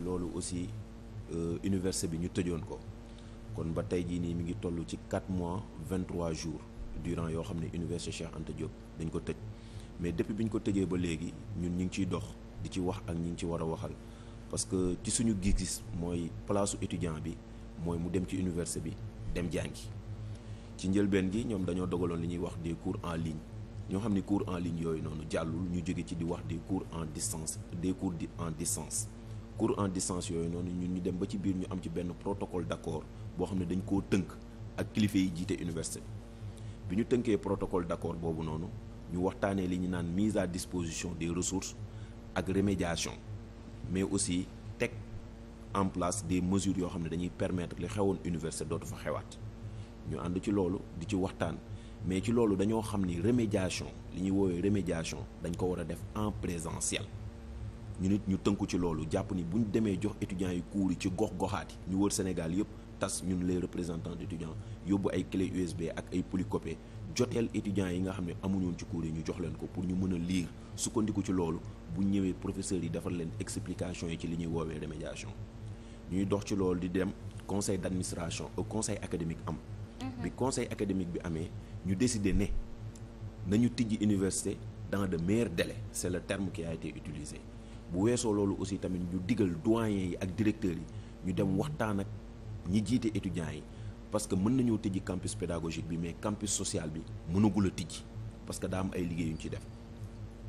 loolu aussi euh, université bi ñu tëjoon ko kon ba tey jii nii mi ngi toll ci 4 mois 23 jours durant yoo xam ne université Cheikh Anta Diop dañ ko tëj mais depuis bi ñu ko tëjee ba léegi ñun ñu ngi ciy dox di ci wax ak ñu ngi ci war a waxal parce que ci suñu gis mooy palaasu étudiant bi mooy mu dem ci université bi dem jàngi ci njëlbeen gi ñoom dañoo dogaloon li ñuy wax des cours en ligne ñoo xam ne cours en ligne yooyu noonu jàllul ñu jóge ci di wax des cours en distance des cours en distance cours en distance yooyu noonu ñun ñu dem ba ci biir ñu am ci benn protocole d'accord boo xam ne dañ koo tënk ak kilifa yi jiite université bi ñu tënkee protocole d'accord boobu noonu ñu waxtaanee li ñu naan mise à disposition des ressources ak remédiation mais aussi teg en place des mesures yoo xam ne dañuy permettre li xewoon université dootu fa xewaat ñu ànd ci loolu di ci waxtaan mais ci loolu dañoo xam ni remédiation li ñuy woowee remédiation dañ ko war a def en présentiel ñu nit ñu tënku ci loolu jàpp ni buñ demee jox étudiants yi cours ci gox goxaat yi ñu wër Sénégal yëpp tas ñun les représentants d'étudiants yóbbu ay clé USB ak ay polycopier joteel étudiants yi nga xam ne amuñoon ci cours yi ñu jox leen ko pour ñu mën a lire sukkandiku ci loolu bu ñëwee professeurs yi defal leen explication yi ci li ñuy woowee remédiation ñuy dox ci loolu di dem conseil d'administration au euh, conseil académique am. Mm-hmm. bi conseil académique bi amee ñu décider ne nañu tijji université dans de meilleurs délais c'est le terme qui a été bu weesoo loolu aussi tamit ñu digal doyen yi ak directeurs yi ñu dem waxtaan ak ñi jiite étudiants yi parce que mën nañoo tijji campus pédagogique bi mais campus social bi mënagul a tijji parce que daa am ay liggéey yu ci def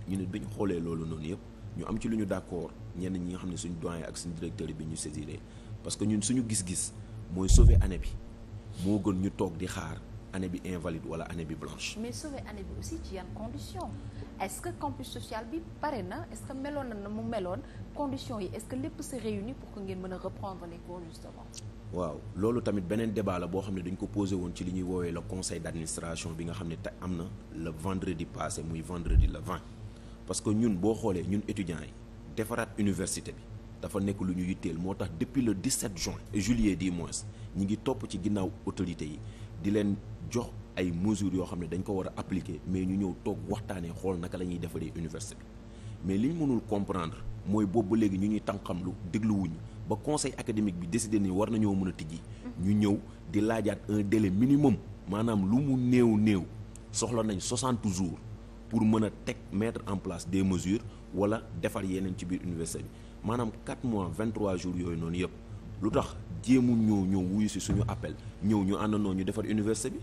ñu ne bi ñu xoolee loolu noonu yëpp ñu am ci lu ñu d'accord ñenn ñi nga xam ne suñu doyen ak suñu directeur bi ñu saisiré parce que ñun suñu gis-gis mooy sauver année bi moo gën ñu toog di xaar. année bi invalide wala année bi blanche. mais sauver année bi aussi ci yan condition est-ce social bi pare na est-ce que meloon na mu meloon condition yi est-ce que lépp c'est réuni pour que ngeen mën a reprendre les cours waaw loolu tamit beneen débat la boo xam ne dañ ko posé woon ci li ñuy woowee le conseil d'administration bi nga xam ne te am na le vendredi passé muy vendredi le 20 parce que ñun boo xoolee ñun étudiants yi defaraat université bi dafa nekk lu ñu yitteel moo tax depuis le 17 juin juillet du mois ñi ngi topp ci ginnaaw autorités yi jox ay mesures yoo xam ne dañ ko war a appliquer mais ñu ñëw toog waxtaanee xool naka la ñuy defaree université bi mais li ñu mënul comprendre mooy boobu ba léegi ñu ñuy lu dégluwuñu ba conseil académique bi décidé ni war nañoo mën a tijji. ñu ñëw di laajaat un délai minimum maanaam lu mu néew néew soxla nañ 60 jours pour mën a teg metre en place des mesures wala defar yeneen ci biir université bi maanaam 4 mois 23 jours yooyu noonu yëpp lu tax jéemu ñëw ñëw wuyu si suñu appel ñëw ñu àndandoo ñu defar université bi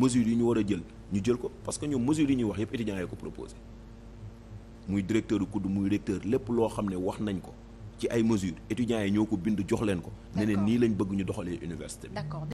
mesures yi ñu war a jël ñu jël ko parce que ñoom mesures yi ñuy wax yëpp étudiants yi ko proposé muy directeur du COUD muy recteur lépp loo xam ne wax nañ ko ci ay mesures étudiants yi ñoo ko bind jox leen ko ne nii lañ bëgg ñu doxalee université bi